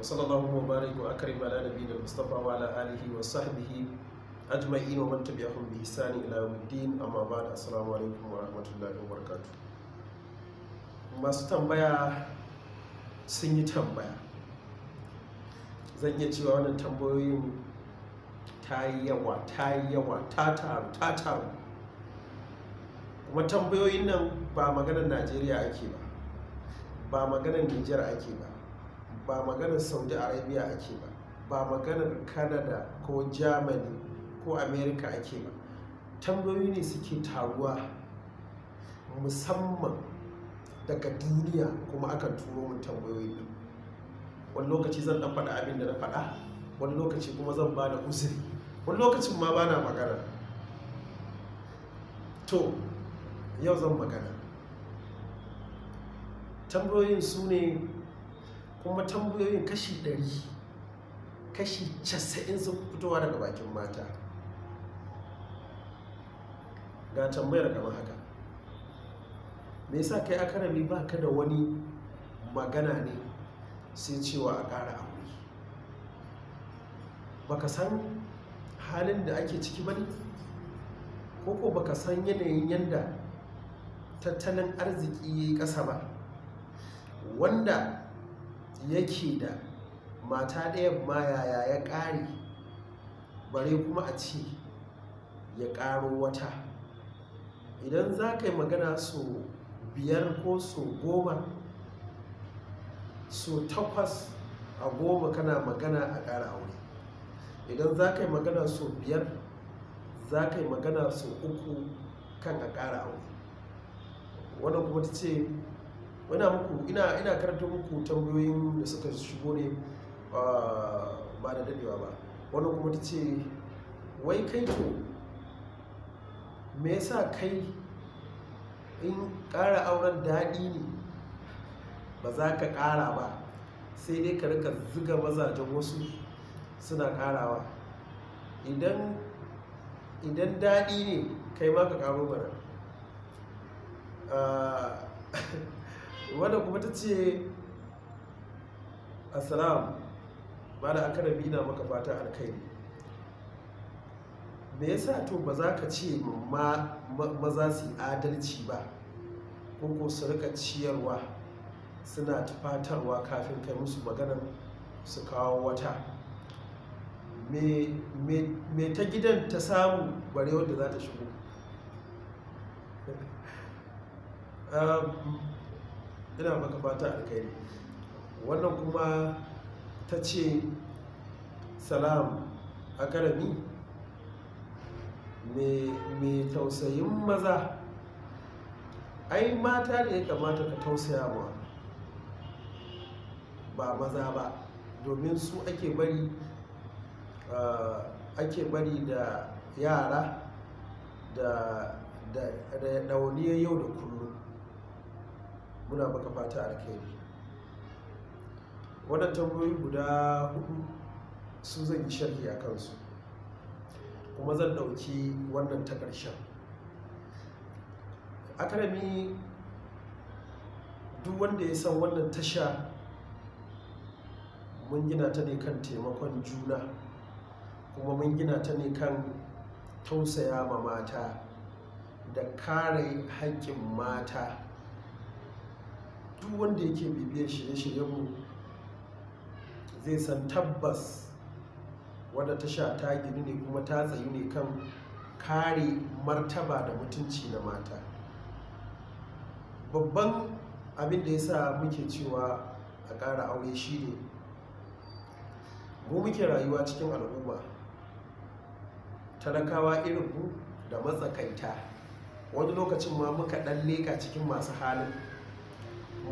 وصلى الله وبارك واكرم على نبينا المصطفى وعلى اله وصحبه اجمعين ومن تبعهم باحسان الى wa الدين اما بعد السلام عليكم ورحمه الله وبركاته masu tambaya sun yi tambaya zan iya cewa wannan tambayoyin ta yi yawa ta yi yawa ta taru ta taru kuma tambayoyin nan ba maganar najeriya ake ba ba maganar nijar ake ba ba maganar saudi arabia ake ba ba maganar canada ko germany ko america ake ba tambayoyi ne suke taruwa musamman daga duniya kuma akan turo mun tambayoyi nan wani lokaci zan dan faɗa abin da na faɗa wani lokaci kuma zan ba da uzuri wani lokacin ma ba na magana to yau zan magana tambayoyin su ne kuma tambayoyin kashi ɗari kashi casa'in sun fitowa daga bakin mata ga tambayar kamar haka me yasa kai akarami ba ka da wani magana ne sai cewa a ƙara aure baka san halin da ake ciki ba ne ko ko baka san yanayin yadda tattalin arziki ya yi ƙasa ba wanda yake da mata ɗaya ma yaya ya ƙare bare kuma a ce ya ƙaro wata idan za ka yi magana so biyar ko so goma so takwas a goma kana magana a ƙara aure idan za ka yi magana so biyar za ka yi magana so uku kan a ƙara aure wadda kuma ta ce muna muku ina ina karanta muku tambayoyin da suka shigo ne ah, ba da dadewa ba wani kuma ta ce wai kai to me yasa kai in ƙara auren daɗi ne ba za ka ƙara ba sai dai ka rika zuga mazajen wasu suna ƙarawa idan idan daɗi ne kai ma ka ƙaro mana ah, wadda kuma ta ce assalam ba da aka rabi na maka fatan alkhairi me sa to ba za ka ce maza su adalci ba ko su rika ciyarwa suna tufatarwa kafin kai musu maganar su kawo wata me ta gidan ta samu bare wanda za ta shigo um, ina maka fata alkhairi wannan kuma ta ce salam a akarami mai tausayin maza ai mata da ya kamata ka tausaya ma ba maza ba domin su ake bari ake bari da yara da da yau da kullum muna maka fata alkhairi wannan tambayoyi guda hudu su zan yi sharhi a kansu kuma zan dauki wannan ta ƙarshen ƙarami, duk wanda ya san wannan tasha mun gina ta ne kan taimakon juna kuma mun gina ta ne kan tausaya ma mata da kare haƙƙin mata duk wanda yake bibiyar shirye-shirye mu zai san tabbas wadda tasha ta gini ne kuma ta tsayi ne kan kare martaba da mutunci na mata babban abin da ya sa muke cewa a ƙara aure shi ne mu muke rayuwa cikin al'umma talakawa irin mu da matsakaita wani lokacin ma muka ɗan leka cikin masu halin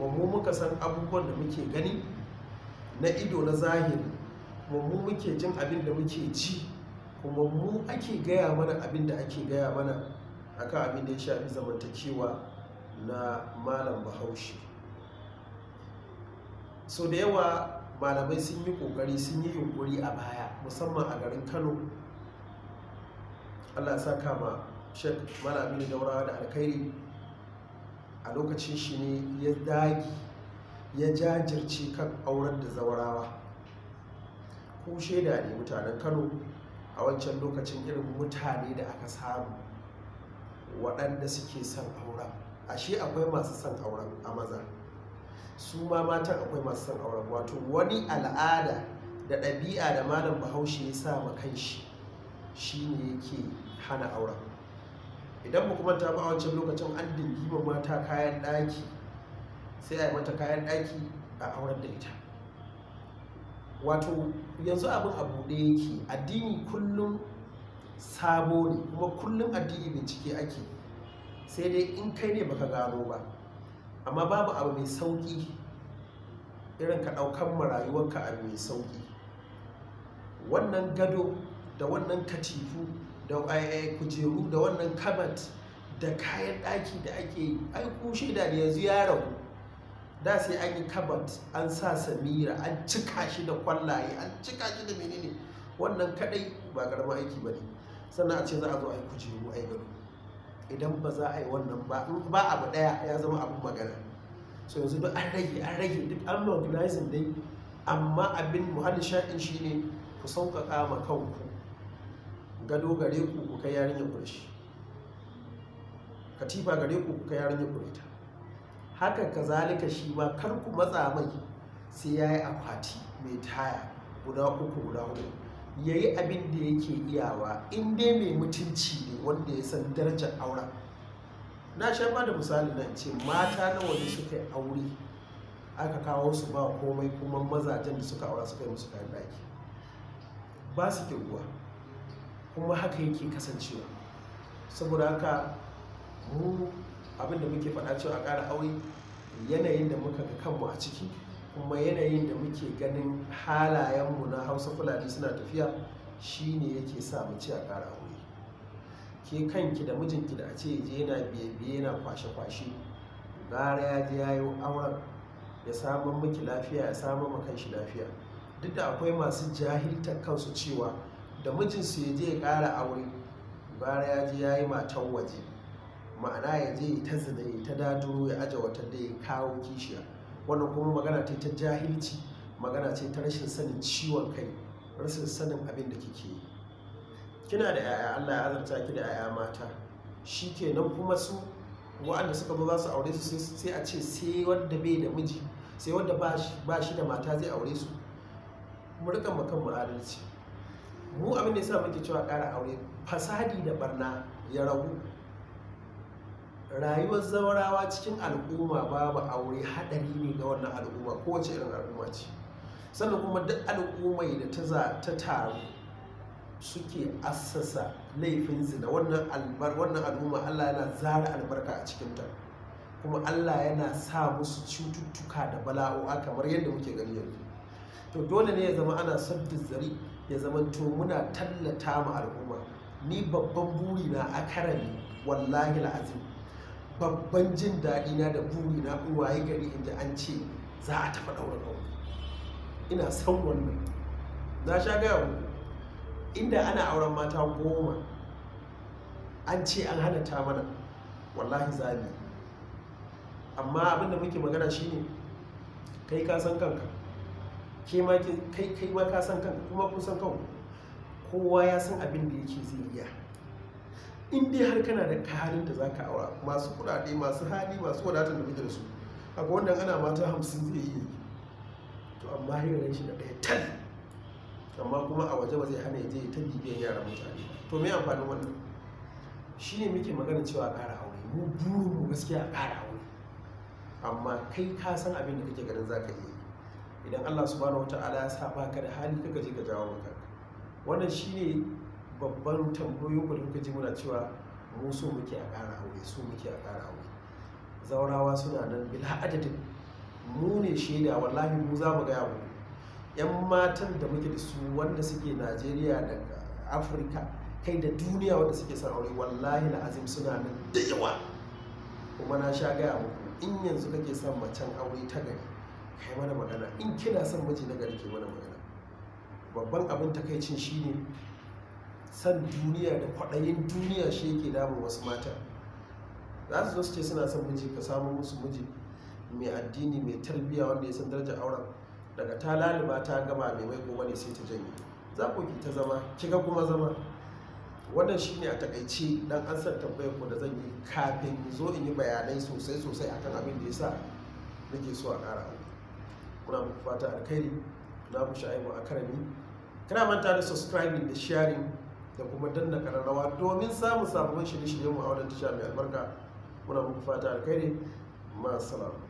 mu muka san abubuwan da muke gani na ido na zahiri kuma mu muke jin abin da muke ci kuma mu ake gaya mana abin da ake gaya mana akan abin da ya shafi zamantakewa na malam bahaushe so da yawa malamai sun yi kokari sun yi yunkuri a baya musamman a garin kano allah ya saka ma shek malamin daurawa da alkhairi a lokacin shi ne ya dagi ya jajirce kan auren da zawarawa ko shaida ne mutanen kano a wancan lokacin irin mutane da aka samu waɗanda suke son auren shi akwai masu son auren a maza su ma matan akwai masu son auren wato wani al'ada da ɗabi'a da malam bahaushe ya sa ma shi ne yake hana auren idan ba kuma ta ba a wancan lokacin an dingi ba mata kayan daki, sai a yi mata kayan daki a auren da ita wato yanzu abin a buɗe yake addini kullum sabo ne kuma kullum addini bincike ake sai dai in kai ne baka gano ba amma babu abu mai sauƙi irin ka ɗaukan ma rayuwarka abu mai sauƙi wannan gado da wannan katifu da kujeru da wannan kabat da kayan ɗaki da ake yi ai kushe shaida da yanzu ya rabu da sai an yi kabat an sa samira an cika shi da kwallaye an cika shi da menene wannan kadai ba karamin aiki ba ne sannan a ce za a zo a yi kujeru a yi gado idan ba za a yi wannan ba ba abu daya ya zama abu magana so yanzu duk an rage an rage duk an organizing dai amma abin muhallin sha'in shine ku sauƙaƙa ma kanku gado gare ku ku kai yarinya ku shi katifa gare ku ku kai yarinya ku ita haka kazalika shi ba, kar ku matsa mai sai yayi yi akwati mai taya guda uku guda hudu ya abin da yake iyawa in dai mai mutunci ne wanda ya san darajar aure. na sha ba da misali nan ce mata nawa ne suka yi aure aka kawo su ba komai kuma mazajen da suka aura suka yi musu kayan daki ba su kirguwa kuma haka yake kasancewa saboda haka mu abinda muke faɗa cewa a ƙara aure yanayin da muka ga kanmu a ciki kuma yanayin da muke ganin halayenmu na hausa fulani suna tafiya shine yake sa mu ci a ƙara aure ke kanki da mijinki da a ce je yana biye-biye yana kwashe-kwashe gara ya je ya yi auren ya samun miki lafiya ya samun makanshi shi lafiya duk da akwai masu jahiltar kansu cewa da mijinsu ya je ya ƙara aure bara ya je ya yi matan waje ma'ana ya je ta zina ta daduro ya aje wata da ya kawo kishiya wannan kuma magana ce ta jahilci magana ce ta rashin sanin ciwon kai rashin sanin abin da kike yi kina da yaya Allah ya azurta ki da yaya mata Shi nan kuma su wa'anda suka zo za su aure su sai a ce sai wanda bai da miji sai wanda ba shi da mata zai aure su mu rika kan mu adalci mu abin da sa muke cewa ƙara aure fasadi da barna ya ragu rayuwar zaurawa cikin al'umma babu aure haɗari ne ga wannan al'umma ko kowace irin al'umma ce sannan kuma duk al'ummai da ta ta taru suke assasa laifin zina wannan albar wannan al'umma Allah yana zara albarka a cikin ta, kuma Allah yana sa musu cututtuka da bala'o'a kamar yadda muke gani yanzu to dole ne ya zama ana sabbin zari ya zamanto muna tallata ma al'umma ni babban burina a karami wallahi la'azim babban jin daɗi na da burina in waye gari inda an ce za a tafi ɗaura aure ina son wannan na sha gaya mu. inda ana auren mata goma an ce an hana ta mana wallahi zabi amma abinda muke magana shine kai ka san kanka ke ma kai kai ma ka san kanka kuma kun san kanku kowa ya san abin da yake zai iya in dai har kana da halin da zaka aura masu kudade, masu hali masu wadatar da muke da su akwai wanda ana mata hamsin zai yi to amma hirar shi da ɗaya tal amma kuma a waje ba zai hana ya je ta bibiyan yaran mutane to me amfanin wannan shi ne muke magana cewa a ƙara aure mu buru mu gaskiya a ƙara aure amma kai ka san abin da kake ganin zaka yi idan Allah subhanahu wata'ala ya saba baka da hali kaka je ka jawo maka wannan shine babban tambayoyin ku da ji muna cewa mu so muke a ƙara aure so muke a ƙara aure zaurawa suna nan bila adadin mu ne shaida wallahi mu za mu gaya mu yan matan da muke da su wanda suke Najeriya da Afirka kai da duniya wanda suke son aure wallahi azim suna nan da yawa kuma na sha gaya muku in yanzu kake son macen aure ta gari kai mana magana in kina son miji na gari ke mana magana babban abin takaicin ne san duniya da kwaɗayin duniya shi yake damun wasu mata za su zo su ce suna son miji ka samu musu miji mai addini mai tarbiyya wanda ya san darajar auren daga ta laliba ta gama mai mai goma ne sai ta janye za ku ki ta zama ki ga kuma zama wannan shine a takaice dan an san tambayar da zan yi kafin zo in yi bayanai sosai sosai akan abin da yasa nake so a ƙara kuna muku fata alkhairi na mu sha'ibu a karami kana manta da subscribing da sharing da kuma danna kararrawa domin samun sababbin shirye-shiryen mu a wannan tasha mai albarka kuna muku fata alkhairi ma